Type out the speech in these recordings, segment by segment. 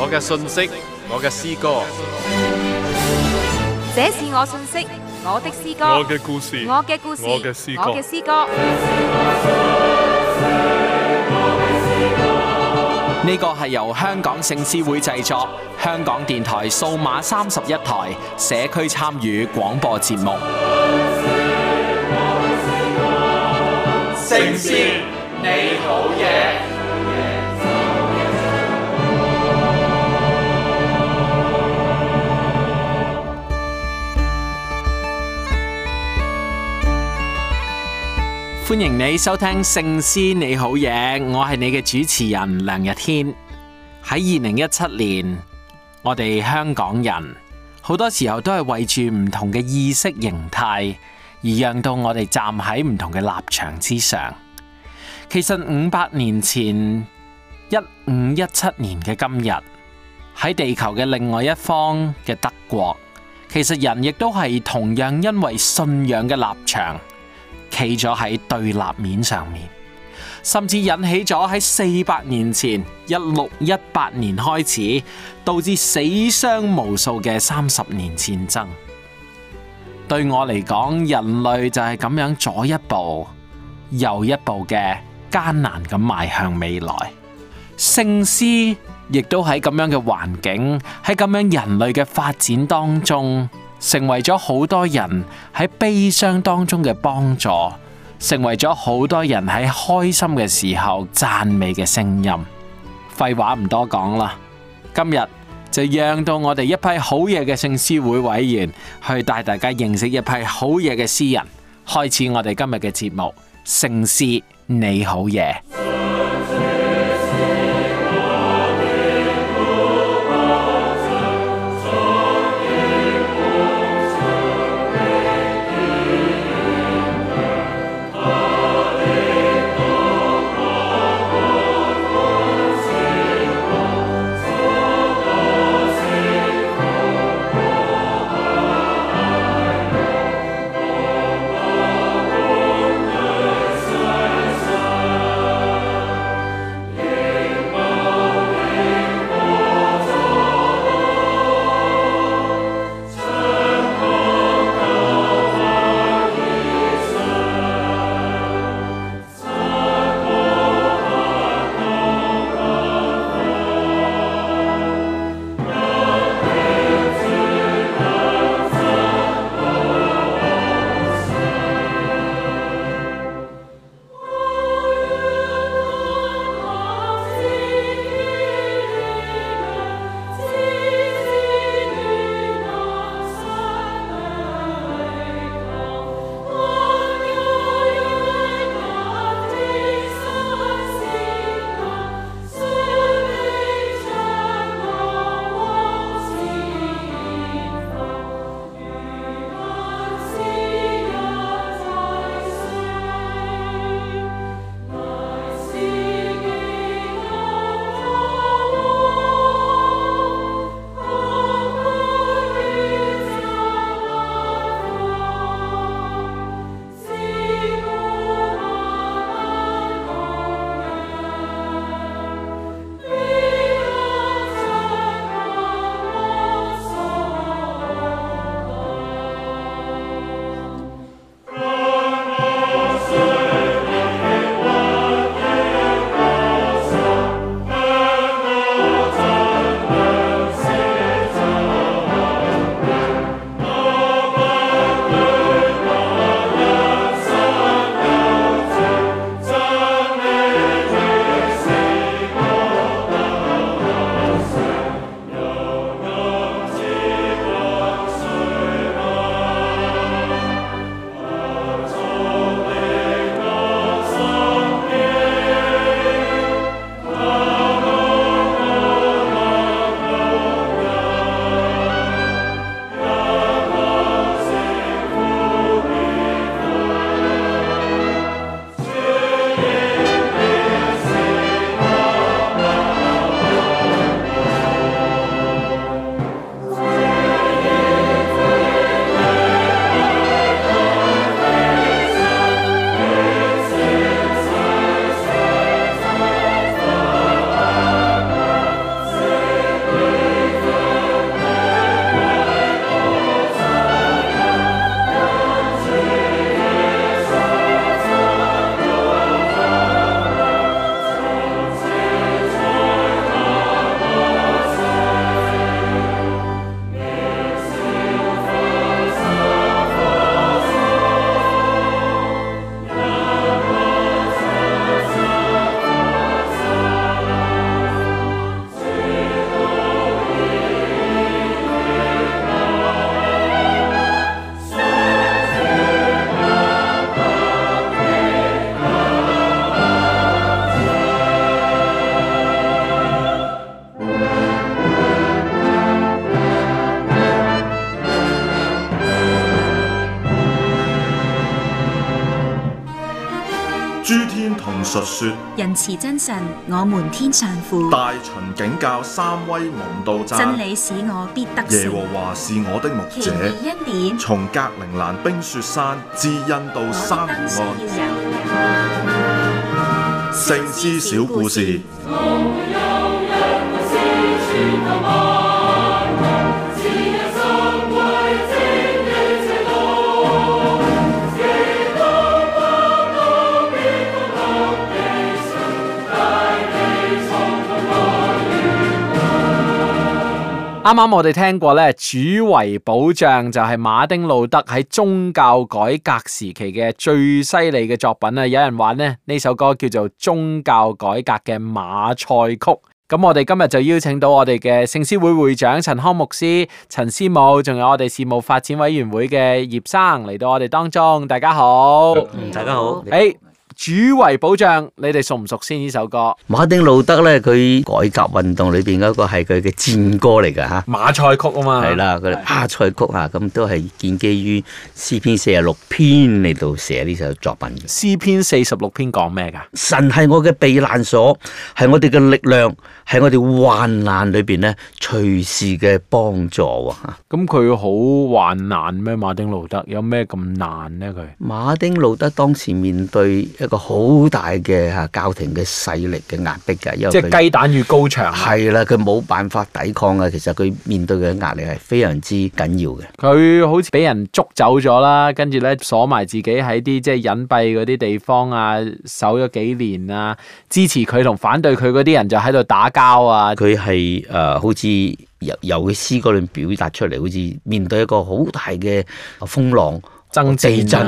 我嘅信息，我嘅詩歌。這是我信息，我的詩歌。我嘅故事，我嘅故事，我嘅詩歌，我嘅詩歌。呢個係由香港聖詩會製作，香港電台數碼三十一台社區參與廣播節目。聖詩，你好嘢。歡迎你收聽聖詩你好嘢，我係你嘅主持人梁日天。喺二零一七年，我哋香港人好多時候都係為住唔同嘅意識形態而讓到我哋站喺唔同嘅立場之上。其實五百年前，一五一七年嘅今日，喺地球嘅另外一方嘅德國，其實人亦都係同樣因為信仰嘅立場。起咗喺對立面上面，甚至引起咗喺四百年前一六一八年開始導致死傷無數嘅三十年戰爭。對我嚟講，人類就係咁樣左一步右一步嘅艱難咁邁向未來。聖詩亦都喺咁樣嘅環境，喺咁樣人類嘅發展當中，成為咗好多人喺悲傷當中嘅幫助，成為咗好多人喺開心嘅時候讚美嘅聲音。廢話唔多講啦，今日就讓到我哋一批好嘢嘅聖詩會委員去帶大家認識一批好嘢嘅詩人，開始我哋今日嘅節目《聖詩你好嘢》。仁真神，我們天上父。大秦景教三威蒙度讚。真理使我必得勝。耶和華是我的牧者。奇異恩典。從格陵蘭冰雪山至印度沙漠的。聖詩小故事。嗯啱啱我哋聽過咧，主為保障就係馬丁路德喺宗教改革時期嘅最犀利嘅作品啊！有人話咧，呢首歌叫做宗教改革嘅馬賽曲。咁我哋今日就邀請到我哋嘅聖詩會會長陳康牧師、陳師母，仲有我哋事務發展委員會嘅葉生嚟到我哋當中。大家好，大家好，誒。主為保障，你哋熟唔熟先？呢首歌，馬丁路德咧，佢改革運動裏邊嗰個係佢嘅戰歌嚟噶吓，馬賽曲啊嘛，係啦，佢哋，馬賽曲啊，咁的都係建基於詩篇四十六篇嚟到寫呢首作品嘅。詩篇四十六篇講咩噶？神係我嘅避難所，係我哋嘅力量，係我哋患難裏邊咧隨時嘅幫助。吓，咁佢好患難咩？馬丁路德有咩咁難呢？佢馬丁路德當時面對一個好大嘅嚇教廷嘅勢力嘅壓迫㗎，因為即係雞蛋與高牆。係啦，佢冇辦法抵抗啊！其實佢面對嘅壓力係非常之緊要嘅。佢好似俾人捉走咗啦，跟住咧鎖埋自己喺啲即係隱蔽嗰啲地方啊，守咗幾年啊。支持佢同反對佢嗰啲人就喺度打交啊。佢係誒好似由由佢詩歌裏面表達出嚟，好似面對一個好大嘅風浪。爭戰，地震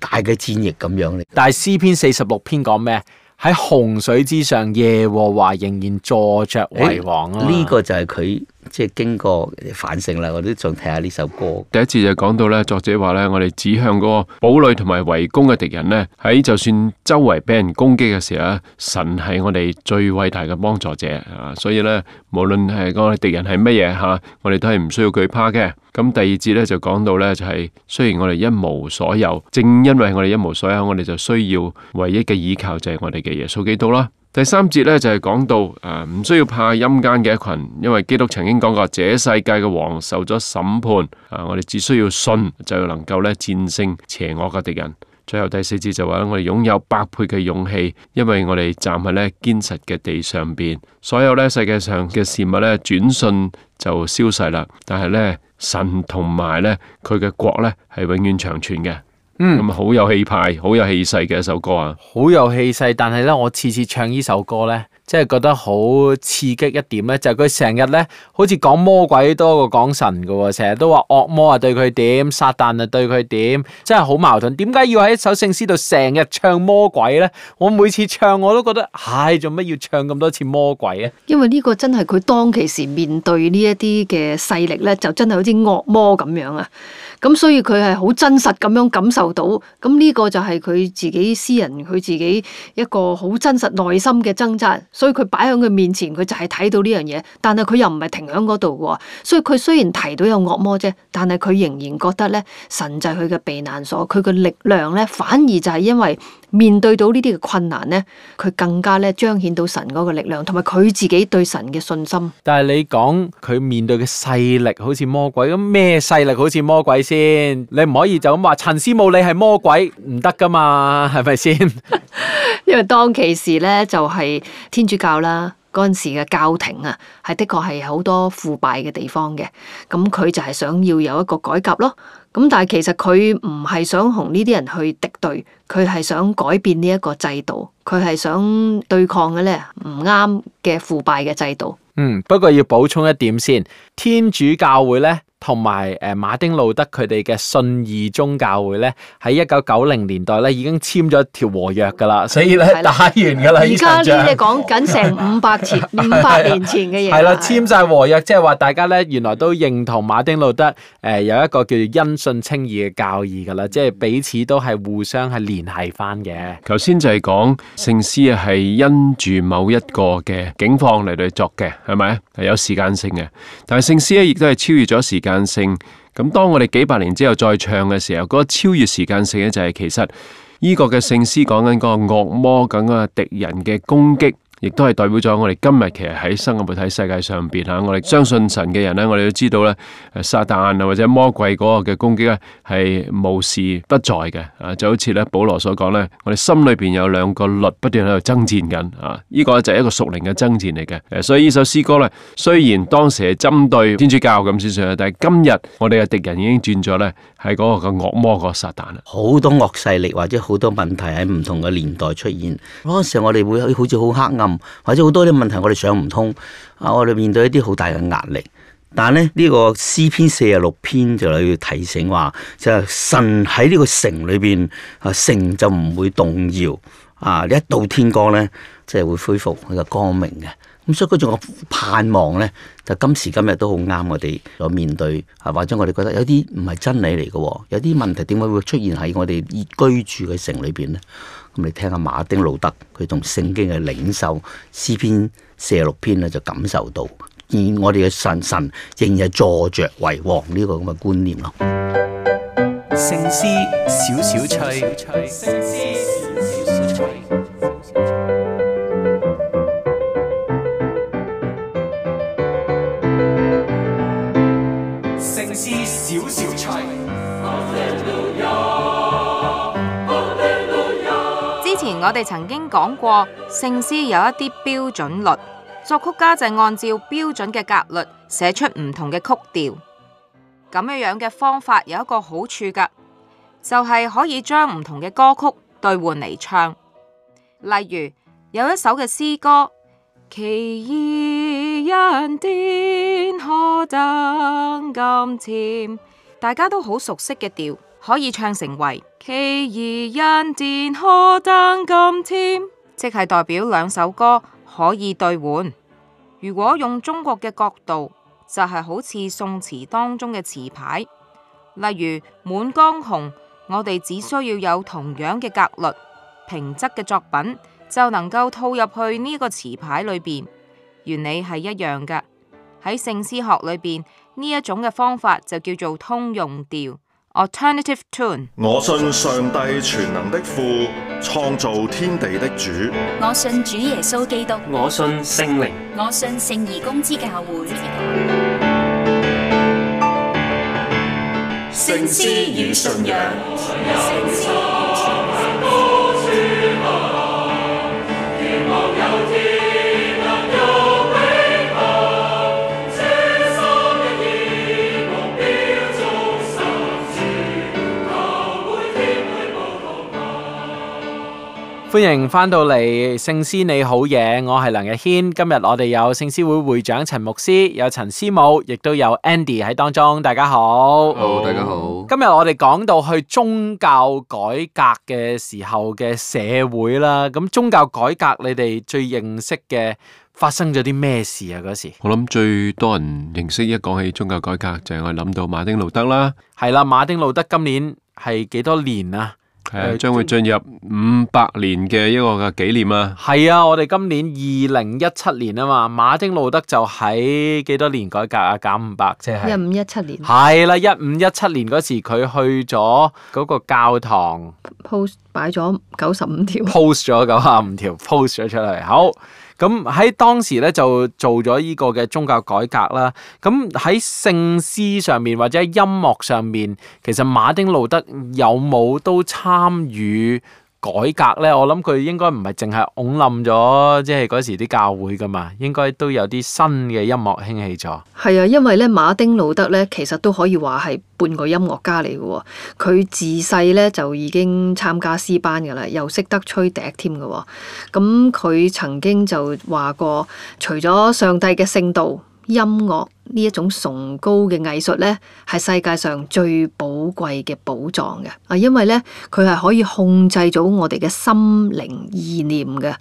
大嘅戰役咁樣咧，但係詩篇四十六篇講咩？喺洪水之上華，耶和華仍然坐着為王啊。呢、欸這個就係佢。即係經過反省啦，我都仲睇下呢首歌。第一節就講到咧，作者話咧，我哋指向嗰個堡壘同埋圍攻嘅敵人咧，喺就算周圍俾人攻擊嘅時候啊，神係我哋最偉大嘅幫助者啊，所以咧，無論係個敵人係乜嘢吓，我哋都係唔需要懼怕嘅。咁第二節咧就講到咧，就是，就係雖然我哋一無所有，正因為我哋一無所有，我哋就需要唯一嘅依靠就係我哋嘅耶穌基督啦。第三節咧就係講到，誒、啊、唔需要怕陰間嘅一群，因為基督曾經講過，這世界嘅王受咗審判，啊我哋只需要信，就能夠咧戰勝邪惡嘅敵人。最後第四節就話我哋擁有百倍嘅勇氣，因為我哋站喺咧堅實嘅地上面，所有咧世界上嘅事物咧轉瞬就消逝啦，但係咧神同埋咧佢嘅國咧係永遠長存嘅。嗯，咁好有氣派，好有氣勢嘅一首歌啊！好有氣勢，但係咧，我次次唱呢首歌咧，即係覺得好刺激一點咧，就係佢成日咧，好似講魔鬼多過講神嘅，成日都話惡魔啊對佢點，撒旦啊對佢點，真係好矛盾。點解要喺一首聖詩度成日唱魔鬼咧？我每次唱我都覺得，唉，做乜要唱咁多次魔鬼啊？因為呢個真係佢當其時面對呢一啲嘅勢力咧，就真係好似惡魔咁樣啊！咁所以佢係好真實咁樣感受到，咁呢個就係佢自己私人，佢自己一個好真實內心嘅掙扎，所以佢擺喺佢面前，佢就係睇到呢樣嘢，但係佢又唔係停喺嗰度喎，所以佢雖然提到有惡魔啫，但係佢仍然覺得咧，神就係佢嘅避難所，佢嘅力量咧，反而就係因為，面對到呢啲嘅困難咧，佢更加咧彰顯到神嗰個力量，同埋佢自己對神嘅信心。但係你講佢面對嘅勢力好似魔鬼咁，咩勢力好似魔鬼先？你唔可以就咁話陳思慕你係魔鬼唔得噶嘛？係咪先？ 因為當其時咧就係天主教啦，嗰陣時嘅教廷啊，係的確係好多腐敗嘅地方嘅，咁佢就係想要有一個改革咯。咁但係其實佢唔係想同呢啲人去敵對，佢係想改變呢一個制度，佢係想對抗嘅咧唔啱嘅腐敗嘅制度。嗯，不過要補充一點先，天主教會咧。同埋誒馬丁路德佢哋嘅信義宗教會咧，喺一九九零年代咧已經簽咗條和約噶啦，所以咧打完噶啦。而家呢，你講緊成五百前、五百年前嘅嘢，係啦，簽曬和約，即係話大家咧原來都認同馬丁路德誒有一個叫做因信稱義嘅教義噶啦，即係彼此都係互相係聯繫翻嘅。頭先就係講聖詩係因住某一個嘅境況嚟到作嘅，係咪啊？係有時間性嘅，但係聖詩咧亦都係超越咗時間性咁，當我哋幾百年之後再唱嘅時候，嗰個超越時間性咧，就係其實呢個嘅聖詩講緊個惡魔、咁啊敵人嘅攻擊。亦都係代表咗我哋今日其實喺新嘅媒體世界上邊吓，我哋相信神嘅人咧，我哋都知道咧，誒，撒旦啊或者魔鬼嗰個嘅攻擊咧係無時不在嘅啊，就好似咧保羅所講咧，我哋心裏邊有兩個律不斷喺度爭戰緊啊，呢、呢個就係一個屬靈嘅爭戰嚟嘅，所以呢首詩歌咧雖然當時係針對天主教咁思想嘅，但係今日我哋嘅敵人已經轉咗咧、嗰個，係、嗰、嗰個嘅惡魔、嗰個撒旦啦，好多惡勢力或者好多問題喺唔同嘅年代出現，嗰個時候我哋會好似好黑暗。或者好多啲問題我哋想唔通，啊我哋面對一啲好大嘅壓力，但係咧呢、這個詩篇四十六篇就嚟提醒話，就是、神喺呢個城裏邊，城就唔會動搖，啊一到天光咧，即、就、係、是、會恢復佢嘅光明嘅。咁所以佢仲有盼望咧，就今時今日都好啱我哋所面對，或者我哋覺得有啲唔係真理嚟嘅，有啲問題點解會出現喺我哋居住嘅城裏邊咧？咁你聽下馬丁路德佢同聖經嘅領袖詩篇四六篇咧，就感受到，以我哋嘅神神仍然係坐著為王呢個咁嘅觀念咯。聖詩少少趣。小小我哋曾經講過，聖詩有一啲標準律，作曲家就按照標準嘅格律寫出唔同嘅曲調。咁樣樣嘅方法有一個好處㗎，就係、是、可以將唔同嘅歌曲對換嚟唱。例如有一首嘅詩歌，奇異恩典，何等甘甜，大家都好熟悉嘅調。可以唱成為奇異恩典、何等咁添，即係代表兩首歌可以兌換。如果用中國嘅角度，就係、是、好似宋詞當中嘅詞牌，例如《滿江紅》，我哋只需要有同樣嘅格律、平仄嘅作品，就能夠套入去呢個詞牌裏邊。原理係一樣噶。喺聖詩學裏邊，呢一種嘅方法就叫做通用調。Alternative tune。我信上帝全能的父，創造天地的主。我信主耶穌基督。我信聖靈。我信聖義公之教會。聖詩與信仰。歡迎翻到嚟聖詩你好嘢，我係梁日軒。今日我哋有聖詩會會長陳牧師，有陳師母，亦都有 Andy 喺當中。大家好 Hello, 大家好。今日我哋講到去宗教改革嘅時候嘅社會啦。咁宗教改革你哋最認識嘅發生咗啲咩事啊？嗰時我諗最多人認識一講起宗教改革，就係我諗到馬丁路德啦。係啦，馬丁路德今年係幾多年啊？誒將會進入五百年嘅一個嘅紀念啊！係啊，我哋今年二零一七年啊嘛，馬丁路德就喺幾多年改革啊？減五百，即係一五一七年。係啦，啊，一五一七年嗰時佢去咗嗰個教堂 post 擺咗九十五條，post 咗九十五條 post 咗出嚟，好。咁喺當時咧就做咗呢個嘅宗教改革啦。咁喺聖詩上面或者音樂上面，其實馬丁路德有冇都參與？改革咧，我諗佢應該唔係淨係拱冧咗，即係嗰時啲教會噶嘛，應該都有啲新嘅音樂興起咗。係啊，因為咧，馬丁路德咧，其實都可以話係半個音樂家嚟嘅喎。佢自細咧就已經參加詩班噶啦，又識得吹笛添嘅喎。咁佢曾經就話過，除咗上帝嘅聖道，音樂。呢一種崇高嘅藝術咧，係世界上最寶貴嘅寶藏嘅。啊，因為咧，佢係可以控制到我哋嘅心靈意念嘅。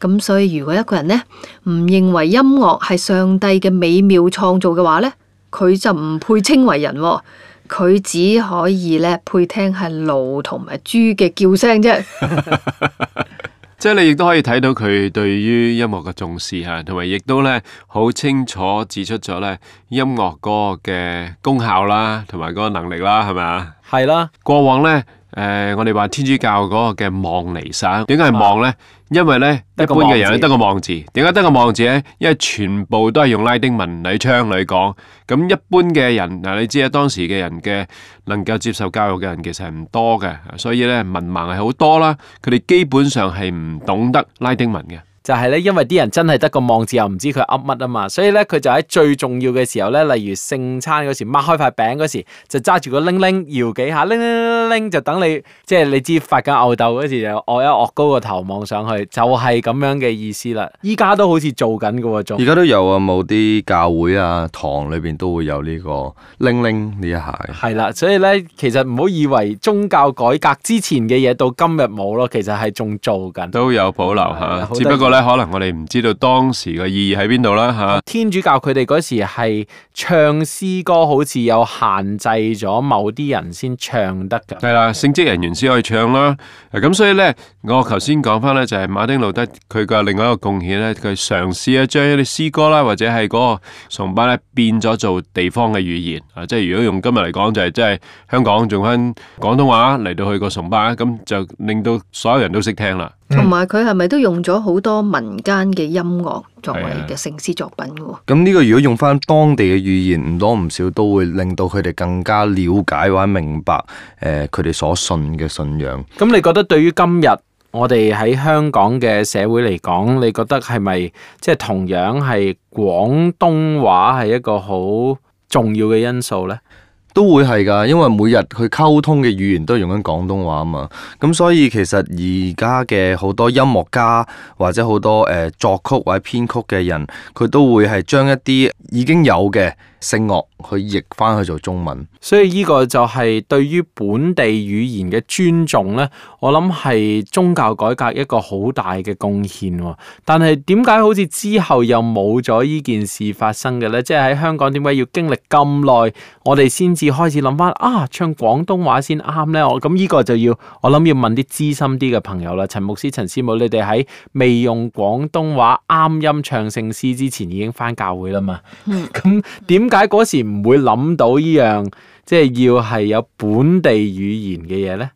咁所以，如果一個人咧唔認為音樂係上帝嘅美妙創造嘅話咧，佢就唔配稱為人，哦。佢只可以咧配聽係驢同埋豬嘅叫聲啫。 即係你亦都可以睇到佢對於音樂嘅重視吓，同埋亦都咧好清楚指出咗咧音樂嗰個嘅功效啦，同埋嗰個能力啦，係咪啊？係啦。過往咧，誒、呃，我哋話天主教嗰個嘅望彌撒，點解係望咧？因為咧，一般嘅人都得個望字，點解得個望字咧？因為全部都係用拉丁文嚟唱嚟講，咁一般嘅人嗱，你知啊，當時嘅人嘅能夠接受教育嘅人其實係唔多嘅，所以咧，文盲係好多啦，佢哋基本上係唔懂得拉丁文嘅。就係咧，因為啲人真係得個望字，又唔知佢噏乜啊嘛，所以咧，佢就喺最重要嘅時候咧，例如聖餐嗰時，擘開塊餅嗰時，就揸住個鈴鈴搖幾下，鈴鈴鈴鈴就等你，即係你知發緊吽豆嗰時，就我一卧高個頭望上去，就係、是、咁樣嘅意思啦。依家都好似做緊嘅做，而家都有啊，冇啲教會啊、堂裏邊都會有呢個鈴鈴呢一下。係啦，所以咧，其實唔好以為宗教改革之前嘅嘢到今日冇咯，其實係仲做緊。都有保留下。的只不過可能我哋唔知道當時嘅意義喺邊度啦嚇。啊、天主教佢哋嗰時係唱詩歌，好似有限制咗某啲人先唱得㗎。係啦，聖職人員先可以唱啦。咁、啊、所以呢，我頭先講翻呢，就係、係、馬丁路德佢嘅另外一個貢獻呢，佢嘗試啊將一啲詩歌啦，或者係嗰個崇拜咧變咗做地方嘅語言啊。即係如果用今日嚟講，就係即係香港仲翻廣東話嚟到去個崇拜，咁就令到所有人都識聽啦。同埋佢係咪都用咗好多民間嘅音樂作為嘅聖詩作品嘅？咁呢個如果用返當地嘅語言，唔多唔少都會令到佢哋更加了解或者明白誒佢哋所信嘅信仰。咁你覺得對於今日我哋喺香港嘅社會嚟講，你覺得係咪即係同樣係廣東話係一個好重要嘅因素呢？都會係㗎，因為每日佢溝通嘅語言都用緊廣東話啊嘛，咁所以其實而家嘅好多音樂家或者好多誒、呃、作曲或者編曲嘅人，佢都會係將一啲已經有嘅聖樂去譯翻去做中文，所以呢個就係對於本地語言嘅尊重呢，我諗係宗教改革一個好大嘅貢獻哦。但係點解好似之後又冇咗呢件事發生嘅呢？即係喺香港點解要經歷咁耐，我哋先至開始諗翻啊，唱廣東話先啱呢？我咁呢個就要我諗要問啲資深啲嘅朋友啦。陳牧師、陳師母，你哋喺未用廣東話啱音唱聖詩之前，已經翻教會啦嘛？嗯。咁點？ 點解嗰時唔會諗到依樣，即係要係有本地語言嘅嘢呢？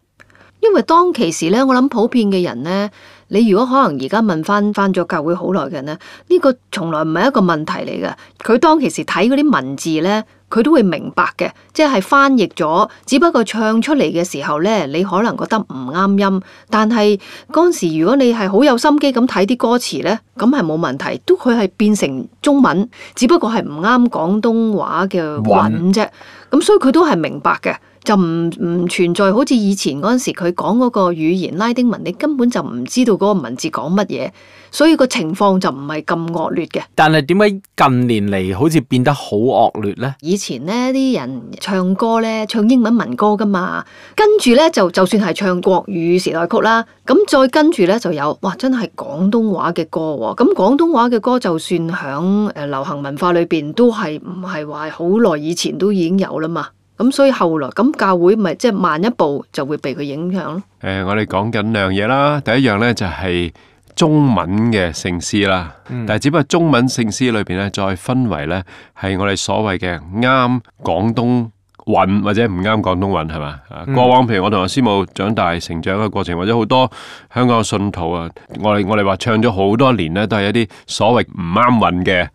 因為當其時咧，我諗普遍嘅人咧，你如果可能而家問翻翻咗教會好耐嘅人咧，呢個從來唔係一個問題嚟㗎。佢當其時睇嗰啲文字咧。佢都會明白嘅，即係翻譯咗，只不過唱出嚟嘅時候呢，你可能覺得唔啱音。但係嗰陣時，如果你係好有心機咁睇啲歌詞呢，咁係冇問題。都佢係變成中文，只不過係唔啱廣東話嘅韻啫。咁所以佢都係明白嘅，就唔唔存在好似以前嗰陣時佢講嗰個語言拉丁文，你根本就唔知道嗰個文字講乜嘢。所以個情況就唔係咁惡劣嘅，但係點解近年嚟好似變得好惡劣呢？以前呢啲人唱歌咧唱英文文歌噶嘛，跟住咧就就算係唱國語時代曲啦，咁再跟住咧就有哇真係廣東話嘅歌喎、哦，咁廣東話嘅歌就算喺誒流行文化裏邊都係唔係話好耐以前都已經有啦嘛，咁所以後來咁教會咪即係慢一步就會被佢影響咯。誒、呃，我哋講緊兩樣嘢啦，第一樣咧就係、是。中文嘅聖詩啦，嗯、但係只不過中文聖詩裏邊咧，再分為咧係我哋所謂嘅啱廣東韻或者唔啱廣東韻係嘛？過往譬如我同阿師母長大成長嘅過程，或者好多香港嘅信徒啊，我哋我哋話唱咗好多年咧，都係一啲所謂唔啱韻嘅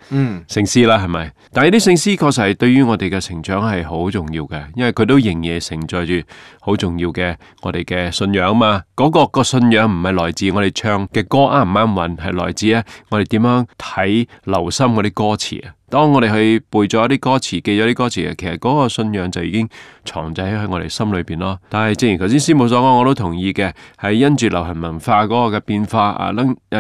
聖詩啦，係咪、嗯？但係呢啲聖詩確實係對於我哋嘅成長係好重要嘅，因為佢都仍然承載住好重要嘅我哋嘅信仰啊嘛。嗰、嗰個、嗰個信仰唔係來自我哋唱嘅歌啱唔啱韻，係來自咧我哋點樣睇留心嗰啲歌詞啊。當我哋去背咗一啲歌詞，記咗啲歌詞，其實嗰個信仰就已經藏仔喺我哋心裏邊咯。但係正如頭先師母所講，我都同意嘅，係因住流行文化嗰個嘅變化啊，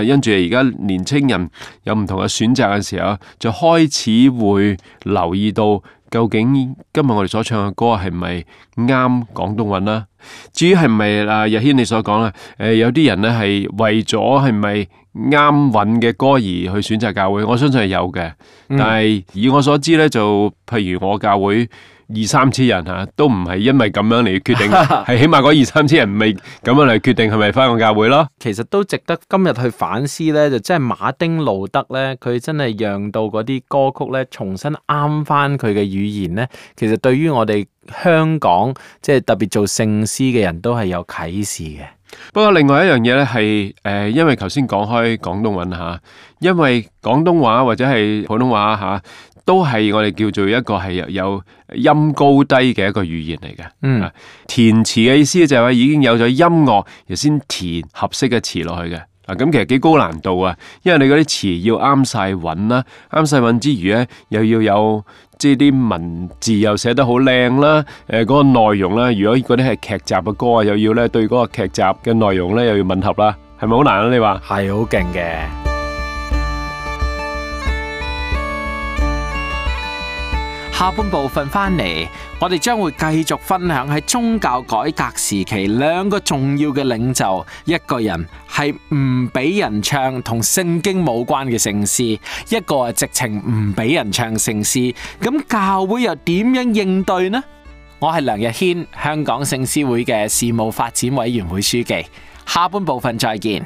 因住而家年青人有唔同嘅選擇嘅時候，就開始會留意到究竟今日我哋所唱嘅歌係咪啱廣東話啦？至於係咪啊，日軒你所講啦，誒、呃、有啲人咧係為咗係咪？啱搵嘅歌而去選擇教會，我相信係有嘅。但係以我所知咧，就譬如我教會二三千人吓，都唔係因為咁樣嚟決定，係 起碼嗰二三千人未咁樣嚟決定係咪返個教會咯。其實都值得今日去反思咧，就真係馬丁路德咧，佢真係讓到嗰啲歌曲咧，重新啱返佢嘅語言咧。其實對於我哋香港即係、就是、特別做聖詩嘅人都係有啟示嘅。不過另外一樣嘢咧，係、呃、誒，因為頭先講開廣東話吓，因為廣東話或者係普通話吓、啊，都係我哋叫做一個係有有音高低嘅一個語言嚟嘅。嗯，填詞嘅意思就係話已經有咗音樂，又先填合適嘅詞落去嘅嗱。咁、啊、其實幾高難度啊，因為你嗰啲詞要啱晒韻啦，啱晒韻之餘咧，又要有。即係啲文字又寫得好靚啦，誒、呃，嗰、嗰個內容啦，如果嗰啲係劇集嘅歌啊，又要咧對嗰個劇集嘅內容咧又要吻合啦，係咪好難啊？你話係好勁嘅。下半部分返嚟，我哋將會繼續分享喺宗教改革時期兩個重要嘅領袖，一個人係唔俾人唱同聖經冇關嘅聖詩，一個係直情唔俾人唱聖詩，咁教會又點樣應對呢？我係梁日軒，香港聖詩會嘅事務發展委員會書記。下半部分再見。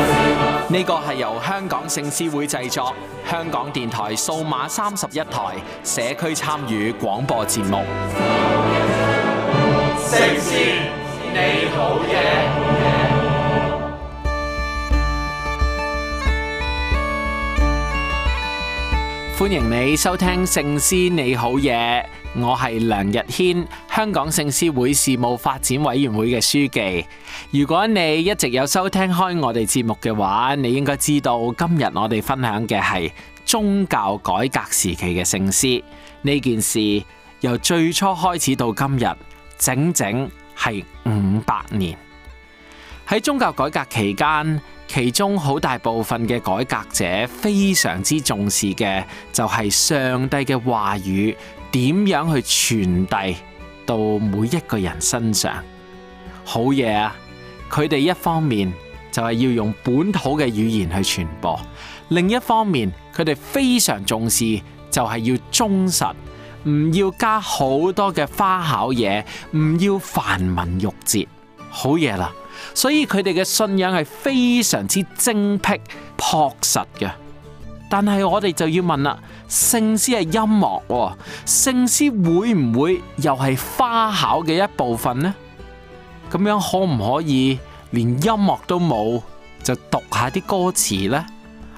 呢個係由香港聖詩會製作，香港電台數碼三十一台社區參與廣播節目。聖詩，你好嘢。歡迎你收聽聖詩你好嘢，我係梁日軒，香港聖詩會事務發展委員會嘅書記。如果你一直有收聽開我哋節目嘅話，你應該知道今日我哋分享嘅係宗教改革時期嘅聖詩。呢件事由最初開始到今日，整整係五百年。喺宗教改革期間。其中好大部分嘅改革者非常之重視嘅就係上帝嘅話語點樣去傳遞到每一個人身上。好嘢啊！佢哋一方面就係要用本土嘅語言去傳播，另一方面佢哋非常重視就係要忠實，唔要加好多嘅花巧嘢，唔要繁文縟節。好嘢啦、啊！所以佢哋嘅信仰係非常之精闢樸實嘅。但係我哋就要問啦，聖詩係音樂哦，聖詩會唔會又係花巧嘅一部分呢？咁樣可唔可以連音樂都冇就讀下啲歌詞呢？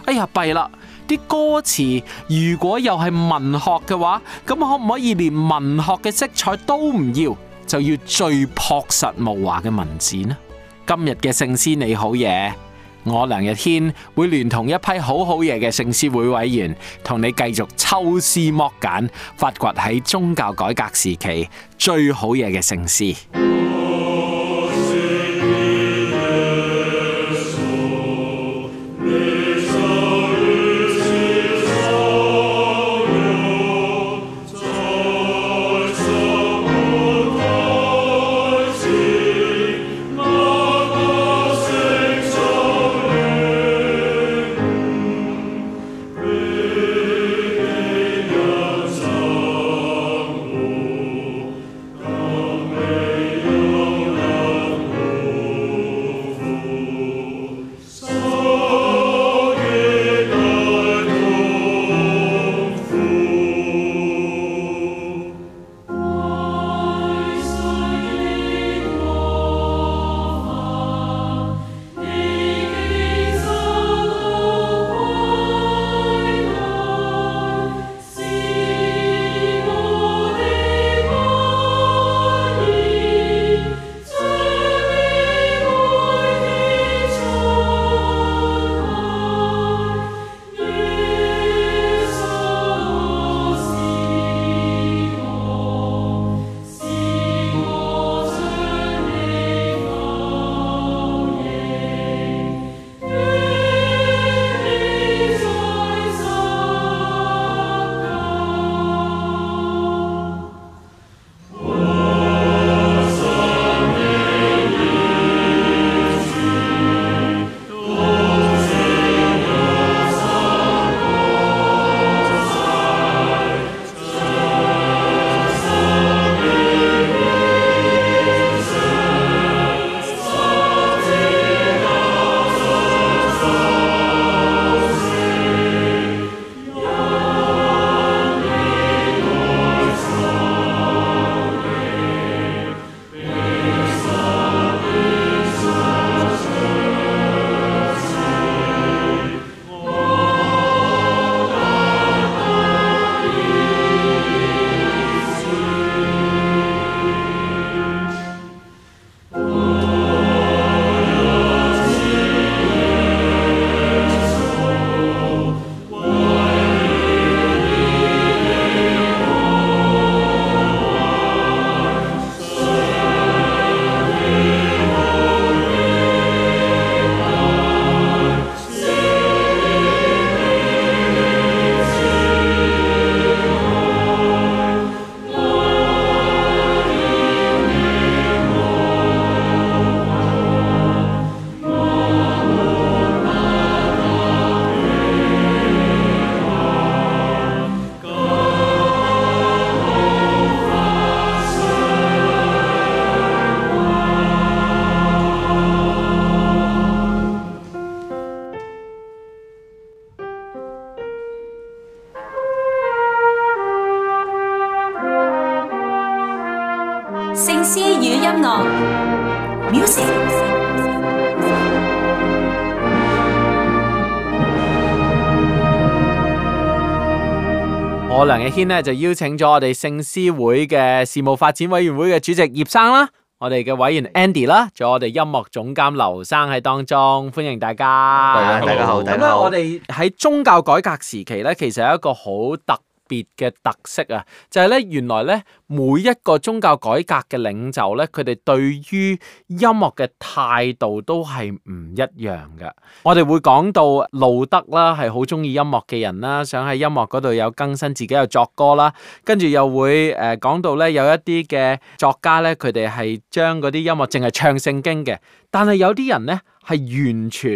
哎呀，弊啦！啲歌詞如果又係文學嘅話，咁可唔可以連文學嘅色彩都唔要，就要最樸實無華嘅文字呢？今日嘅聖詩你好嘢，我梁日軒會聯同一批好好嘢嘅聖詩會委員，同你繼續抽絲剝繭，發掘喺宗教改革時期最好嘢嘅聖詩。葉軒呢就邀請咗我哋聖詩會嘅事務發展委員會嘅主席葉生啦，我哋嘅委員 Andy 啦，仲有我哋音樂總監劉生喺當中，歡迎大家。大家好。大家好。咁咧，我哋喺宗教改革時期咧，其實有一個好特別嘅特色啊，就係咧，原來咧每一個宗教改革嘅領袖咧，佢哋對於音樂嘅態度都係唔一樣嘅。我哋會講到路德啦，係好中意音樂嘅人啦，想喺音樂嗰度有更新自己嘅作歌啦，跟住又會誒講到咧有一啲嘅作家咧，佢哋係將嗰啲音樂淨係唱聖經嘅，但係有啲人咧係完全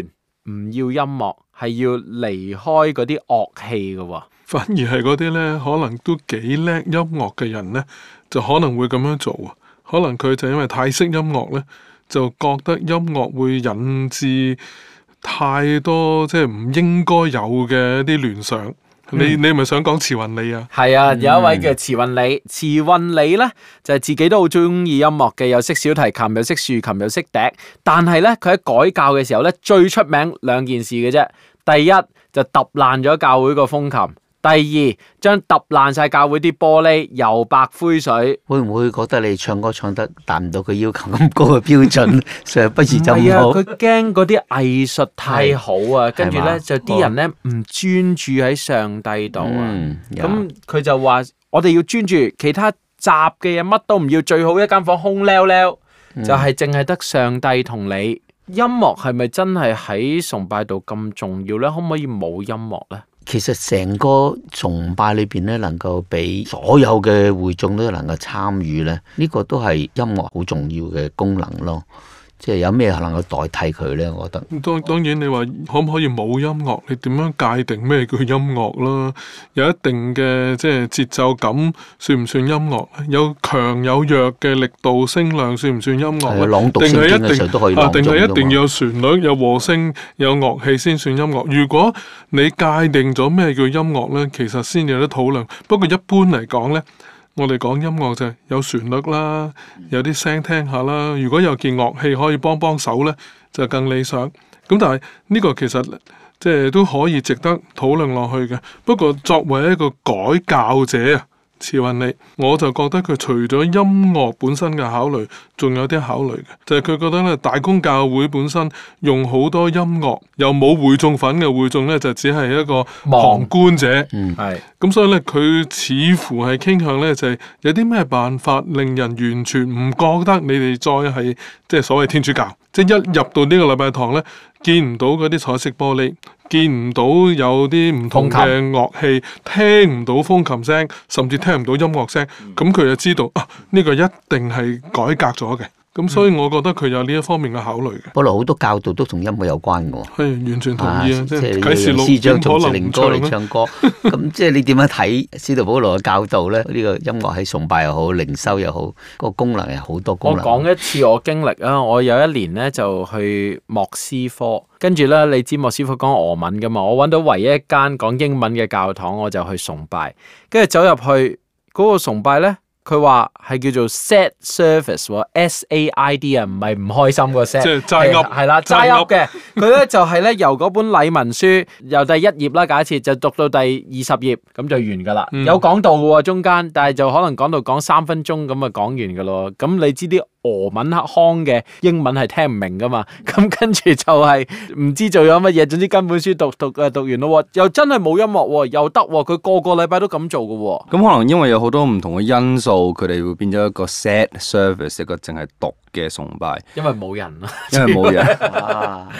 唔要音樂，係要離開嗰啲樂器嘅喎。反而係嗰啲咧，可能都幾叻音樂嘅人咧，就可能會咁樣做。可能佢就因為太識音樂咧，就覺得音樂會引致太多即係唔應該有嘅一啲聯想。嗯、你你係咪想講慈運理啊？係啊，有一位叫慈運理。慈運理咧就係、是、自己都好中意音樂嘅，又識小提琴，又識豎琴，又識笛。但係咧，佢喺改教嘅時候咧，最出名兩件事嘅啫。第一就揼爛咗教會個風琴。第二，將揼爛晒教會啲玻璃，油白灰水。會唔會覺得你唱歌唱得達唔到佢要求咁高嘅標準？所以 不如就唔好。係佢驚嗰啲藝術太好啊，跟住咧就啲人咧唔專注喺上帝度啊。咁佢、嗯嗯、就話：我哋要專注，其他雜嘅嘢乜都唔要，最好一間房間空溜溜，嗯、就係淨係得上帝同你。音樂係咪真係喺崇拜度咁重要咧？可唔可以冇音樂咧？其實成個崇拜裏邊咧，能夠俾所有嘅會眾都能夠參與咧，呢個都係音樂好重要嘅功能咯。即係有咩可能去代替佢咧？我覺得。當當然你話可唔可以冇音樂？你點樣界定咩叫音樂啦？有一定嘅即係節奏感，算唔算音樂咧？有強有弱嘅力度、聲量，算唔算音樂咧？朗讀先算啊，定係一定要有旋律、啊、有和聲、有樂器先算音樂。如果你界定咗咩叫音樂咧，其實先有得討論。不過一般嚟講咧。我哋講音樂就係有旋律啦，有啲聲聽下啦。如果有件樂器可以幫幫手咧，就更理想。咁但係呢個其實即係都可以值得討論落去嘅。不過作為一個改教者啊。慈運理，我就覺得佢除咗音樂本身嘅考慮，仲有啲考慮嘅，就係、是、佢覺得咧，大公教會本身用好多音樂，又冇會眾粉嘅會眾咧，就只係一個旁觀者。嗯，咁、嗯、是所以咧，佢似乎係傾向咧，就係、是、有啲咩辦法，令人完全唔覺得你哋再係即係所謂天主教，即、就、係、是、一入到呢個禮拜堂咧。見唔到嗰啲彩色玻璃，見唔到有啲唔同嘅樂器，聽唔到風琴聲，甚至聽唔到音樂聲，咁佢就知道啊！呢個一定係改革咗嘅。咁、嗯、所以我覺得佢有呢一方面嘅考慮嘅。保、嗯、羅好多教導都同音樂有關嘅喎。係完全同意啊！即係啓示老師長做聖靈歌嚟唱歌。咁 即係你點樣睇司徒保羅嘅教導咧？呢、這個音樂喺崇拜又好，靈修又好，那個功能係好多功能。我講一次我經歷啊！我有一年咧就去莫斯科，跟住咧，你知莫斯科講俄文嘅嘛？我揾到唯一一間講英文嘅教堂，我就去崇拜，跟住走入去嗰、那個崇拜咧。佢話係叫做、Z、said service 喎，S A I D 啊，唔係唔開心個 sad，即係齋噏係啦，齋噏嘅佢咧就係、是、咧由嗰本禮文書由第一頁啦，假設就讀到第二十頁咁就完㗎啦，嗯、有講到㗎喎中間，但係就可能講到講三分鐘咁啊講完㗎咯，咁你知啲？俄文黑康嘅英文係聽唔明噶嘛，咁跟住就係唔知做咗乜嘢，總之根本書讀讀誒讀完咯喎，又真係冇音樂喎，又得喎，佢個個禮拜都咁做嘅喎。咁可能因為有好多唔同嘅因素，佢哋會變咗一個 set service，一個淨係讀嘅崇拜。因為冇人啊， 因為冇人。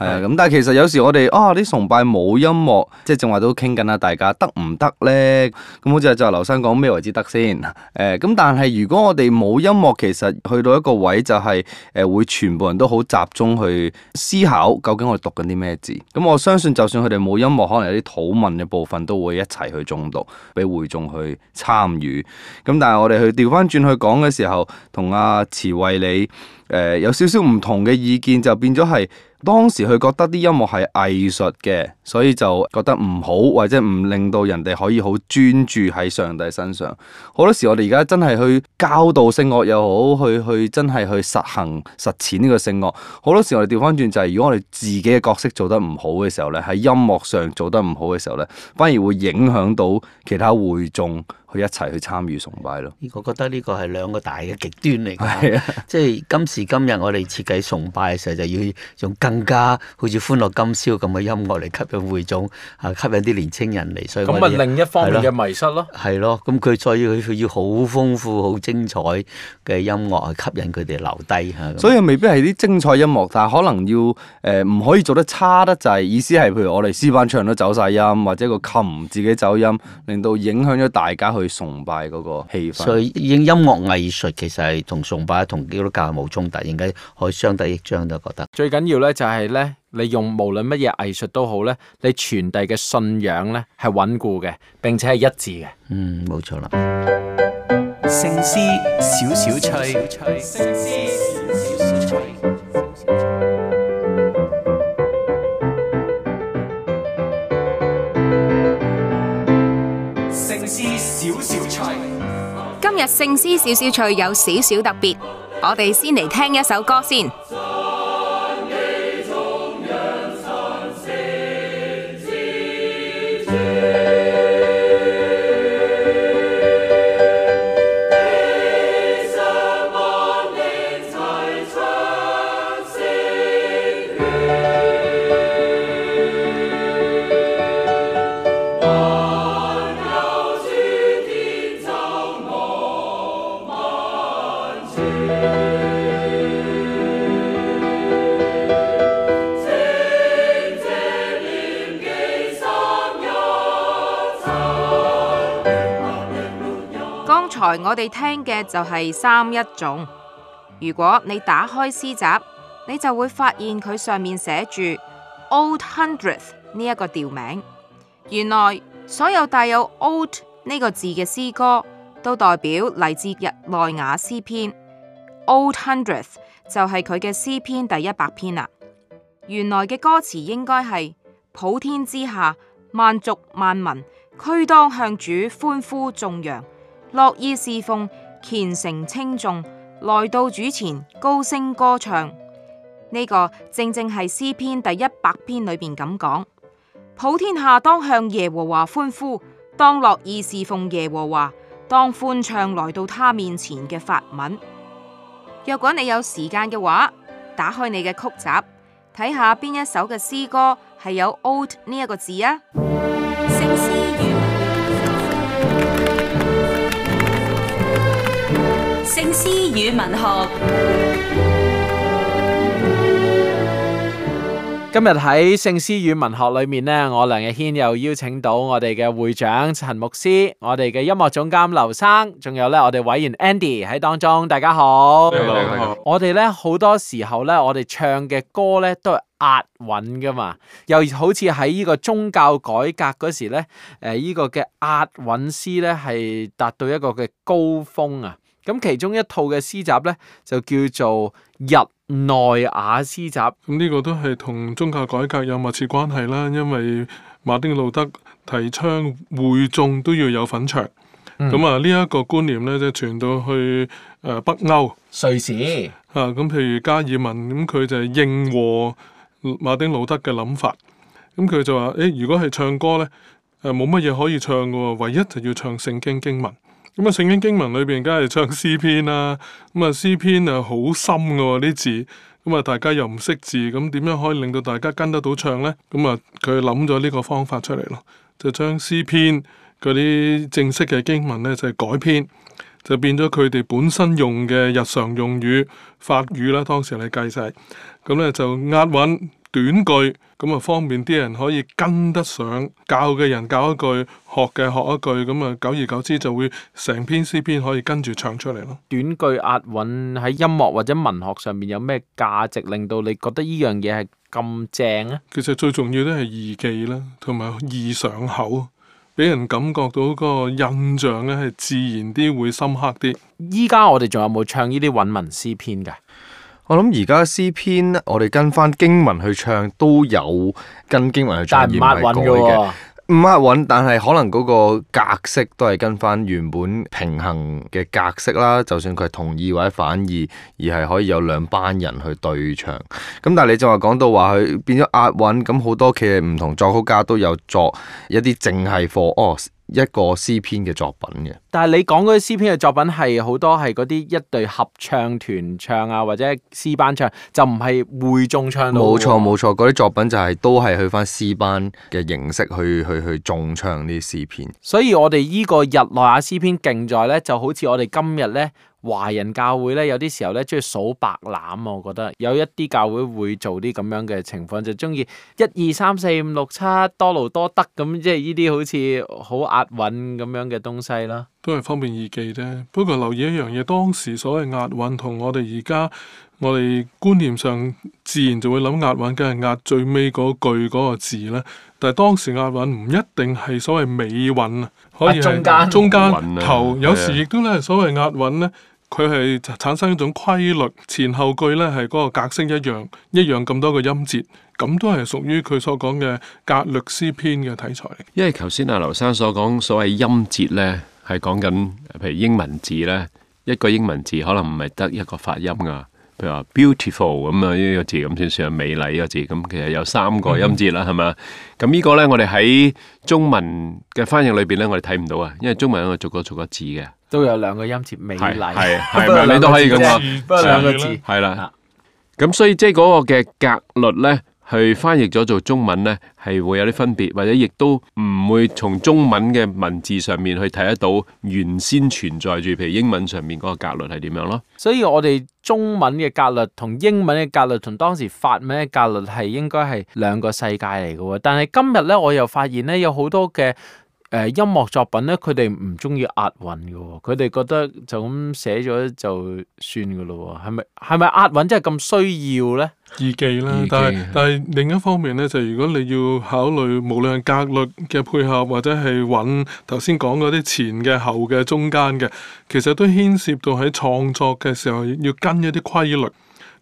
係啊，咁、嗯、但係其實有時我哋啊啲崇拜冇音樂，即係正話都傾緊啊，大家得唔得咧？咁好似就係劉生講咩為之得先？誒、欸、咁，但係如果我哋冇音樂，其實去到一個位就係、是、誒、呃、會全部人都好集中去思考，究竟我哋讀緊啲咩字？咁、嗯、我相信，就算佢哋冇音樂，可能有啲討論嘅部分都會一齊去中讀，俾會眾去參與。咁、嗯、但係我哋去調翻轉去講嘅時候，同阿、啊、慈運理誒、呃、有少少唔同嘅意見，就變咗係。當時佢覺得啲音樂係藝術嘅，所以就覺得唔好，或者唔令到人哋可以好專注喺上帝身上。好多時我哋而家真係去教導聖樂又好，去去真係去實行實踐呢個聖樂。好多時我哋調翻轉就係，如果我哋自己嘅角色做得唔好嘅時候咧，喺音樂上做得唔好嘅時候咧，反而會影響到其他會眾。去一齊去參與崇拜咯。我覺得呢個係兩個大嘅極端嚟㗎， 即係今時今日我哋設計崇拜嘅時候就要用更加好似歡樂今宵咁嘅音樂嚟吸引會眾，嚇吸引啲年青人嚟。所以咁咪另一方面嘅迷失咯。係咯，咁佢再要佢要好豐富、好精彩嘅音樂去吸引佢哋留低。所以未必係啲精彩音樂，但係可能要誒唔、呃、可以做得差得滯。意思係譬如我哋詩班唱都走晒音，或者個琴自己走音，令到影響咗大家去崇拜嗰個氣氛，所以音樂藝術其實係同崇拜同基督教係冇衝突，應該可以相得益彰都覺得。最緊要咧就係咧，你用無論乜嘢藝術都好咧，你傳遞嘅信仰咧係穩固嘅，並且係一致嘅。嗯，冇錯啦。聖詩少少趣。日聖詩少少趣，有少少特別，我哋先嚟聽一首歌先。我哋聽嘅就係三一種。如果你打開詩集，你就會發現佢上面寫住 Old Hundredth 呢一個調名。原來所有帶有 Old 呢個字嘅詩歌，都代表嚟自日內瓦詩篇。Old Hundredth 就係佢嘅詩篇第一百篇啦。原來嘅歌詞應該係普天之下萬族萬民，屈當向主歡呼頌揚。樂意侍奉，虔誠稱頌，來到主前高聲歌唱。呢、這個正正係詩篇第一百篇裏邊咁講：普天下當向耶和華歡呼，當樂意侍奉耶和華，當歡唱來到他面前嘅法文。若果你有時間嘅話，打開你嘅曲集，睇下邊一首嘅詩歌係有 old 呢一個字啊。聖詩與文學。今日喺聖詩與文學裡面呢，我梁日軒又邀請到我哋嘅會長陳牧師，我哋嘅音樂總監劉生，仲有咧，我哋委員 Andy 喺當中。大家好，hello, hello, hello。我哋咧，好多時候咧，我哋唱嘅歌咧都係押韻噶嘛，又好似喺呢個宗教改革嗰時咧，誒呢個嘅押韻詩咧係達到一個嘅高峰啊！咁其中一套嘅詩集咧，就叫做《日內瓦詩集》。咁呢個都係同宗教改革有密切關係啦，因為馬丁路德提倡會眾都要有份唱。咁啊、嗯，呢一個觀念咧，就係傳到去誒北歐、瑞士。嚇、啊，咁譬如加爾文，咁佢就應和馬丁路德嘅諗法。咁佢就話：，誒，如果係唱歌咧，誒冇乜嘢可以唱嘅，唯一就要唱聖經經文。咁啊，聖經經文裏邊，梗係唱詩篇啦。咁啊，詩篇啊，好深嘅喎啲字。咁啊，大家又唔識字，咁點樣可以令到大家跟得到唱咧？咁啊，佢諗咗呢個方法出嚟咯，就將詩篇嗰啲正式嘅經文咧，就係、改編，就變咗佢哋本身用嘅日常用語法語啦。當時你計晒，咁咧就押韻。短句咁啊，方便啲人可以跟得上。教嘅人教一句，學嘅學一句，咁啊，久而久之就會成篇詩篇可以跟住唱出嚟咯。短句押韻，喺音樂或者文學上面有咩價值，令到你覺得呢樣嘢係咁正咧？其實最重要都係易記啦，同埋易上口，俾人感覺到個印象咧係自然啲，會深刻啲。依家我哋仲有冇唱呢啲韻文詩篇㗎？我諗而家詩篇，我哋跟翻經文去唱，都有跟經文去唱，但係唔押韻，但係可能嗰個格式都係跟翻原本平衡嘅格式啦。就算佢同意或者反意，而係可以有兩班人去對唱。咁但係你正話講到話佢變咗押韻，咁好多嘅唔同作曲家都有作一啲淨係 For us。一個詩篇嘅作品嘅，但係你講嗰啲詩篇嘅作品係好多係嗰啲一隊合唱團唱啊，或者詩班唱，就唔係會眾唱。冇錯冇錯，嗰啲作品就係、是、都係去返詩班嘅形式去去去眾唱啲詩篇。所以我哋呢個日內瓦詩篇競賽咧，就好似我哋今日咧。華人教會咧，有啲時候咧，中意數白欖啊！我覺得有一啲教會會做啲咁樣嘅情況，就中意一二三四五六七多勞多得咁，即係呢啲好似好押韻咁樣嘅東西啦。都係方便易記啫。不過留意一樣嘢，當時所謂押韻同我哋而家我哋觀念上自然就會諗押韻，梗係押最尾嗰句嗰個字啦。但係當時押韻唔一定係所謂尾韻啊，可以中間中啊，中間中間頭啊有時亦都咧係所謂押韻咧。佢係產生一種規律，前後句呢係嗰個格式一樣，一樣咁多個音節，咁都係屬於佢所講嘅格律詩篇嘅題材。因為頭先阿劉生所講所謂音節呢，係講緊譬如英文字呢，一個英文字可能唔係得一個發音㗎，啊。譬如話 beautiful 咁啊，呢個字咁，算算係美麗個字咁，其實有三個音節啦，係嘛？咁呢個咧，我哋喺中文嘅翻譯裏邊咧，我哋睇唔到啊。因為中文有個逐個逐個字嘅都有兩個音節美麗，係係唔係？你都可以咁講，係兩個字係啦。咁所以即係嗰個嘅格律咧。去翻譯咗做中文呢，係會有啲分別，或者亦都唔會從中文嘅文字上面去睇得到原先存在住譬如英文上面嗰個格律係點樣咯。所以我哋中文嘅格律同英文嘅格律同當時法文嘅格律係應該係兩個世界嚟嘅喎。但係今日呢，我又發現呢有好多嘅。誒音樂作品咧，佢哋唔中意押韻嘅喎，佢哋覺得就咁寫咗就算嘅咯喎，係咪，係咪押韻真係咁需要咧？易記啦，但係但係另一方面咧，就如果你要考慮無論格律嘅配合，或者係揾頭先講嗰啲前嘅、後嘅、中間嘅，其實都牽涉到喺創作嘅時候要跟一啲規律。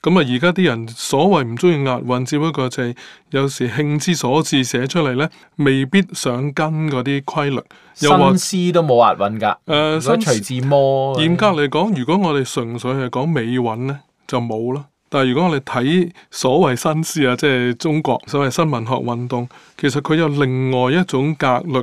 咁啊！而家啲人所謂唔中意押韻，只不過就係有時興之所至寫出嚟咧，未必想跟嗰啲規律。有新詩都冇押韻㗎。誒、呃，如果徐志摩嚴格嚟講，如果我哋純粹係講美韻咧，就冇啦。但係如果我哋睇所，所謂新詩啊，即係中國所謂新文學運動，其實佢有另外一種格律。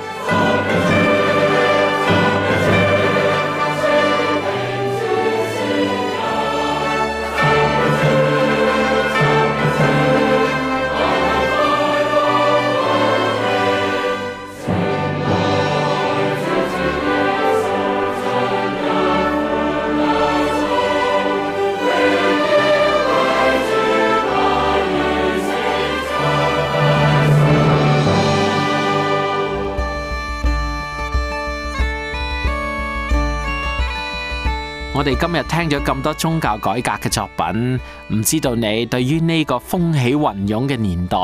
今日聽咗咁多宗教改革嘅作品，唔知道你對於呢個風起雲湧嘅年代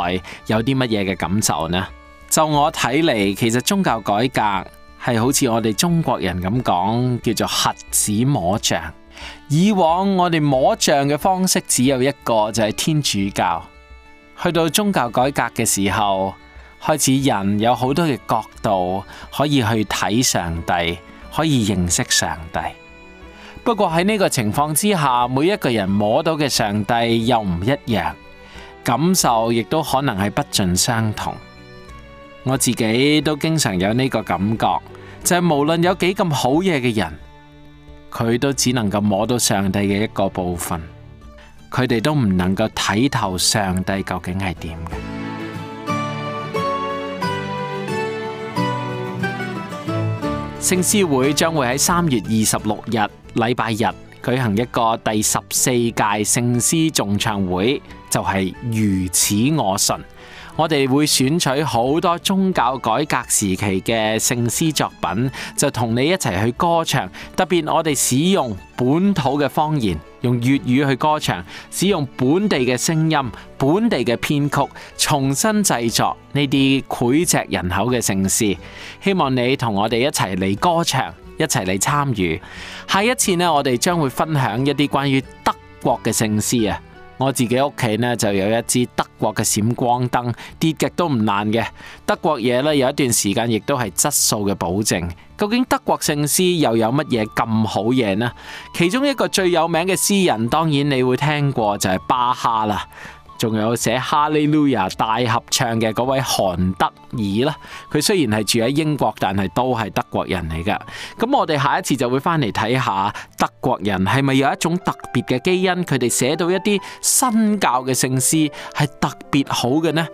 有啲乜嘢嘅感受呢？就我睇嚟，其實宗教改革係好似我哋中國人咁講，叫做瞎子摸象。以往我哋摸象嘅方式只有一個，就係、是、天主教。去到宗教改革嘅時候，開始人有好多嘅角度可以去睇上帝，可以認識上帝。不過喺呢個情況之下，每一個人摸到嘅上帝又唔一樣，感受亦都可能係不盡相同。我自己都經常有呢個感覺，就係無論有幾咁好嘢嘅人，佢都只能夠摸到上帝嘅一個部分，佢哋都唔能夠睇透上帝究竟係點嘅。聖詩會將會喺三月二十六日禮拜日舉行一個第十四屆聖詩重唱會，就係如此我信。我哋會選取好多宗教改革時期嘅聖詩作品，就同你一齊去歌唱。特別我哋使用本土嘅方言。用粵語去歌唱，使用本地嘅聲音、本地嘅編曲，重新製作呢啲膾炙人口嘅聖詩。希望你同我哋一齊嚟歌唱，一齊嚟參與。下一次呢，我哋將會分享一啲關於德國嘅聖詩啊。我自己屋企呢，就有一支德國嘅閃光燈，跌極都唔爛嘅。德國嘢呢，有一段時間亦都係質素嘅保證。究竟德國聖詩又有乜嘢咁好嘢呢？其中一個最有名嘅詩人，當然你會聽過就係巴哈啦。仲有寫哈利路亞大合唱嘅嗰位韓德爾啦，佢雖然係住喺英國，但係都係德國人嚟噶。咁我哋下一次就會翻嚟睇下德國人係咪有一種特別嘅基因，佢哋寫到一啲新教嘅聖詩係特別好嘅呢？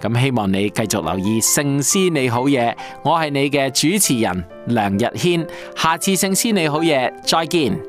咁希望你繼續留意聖詩你好嘢，我係你嘅主持人梁日軒，下次聖詩你好嘢再見。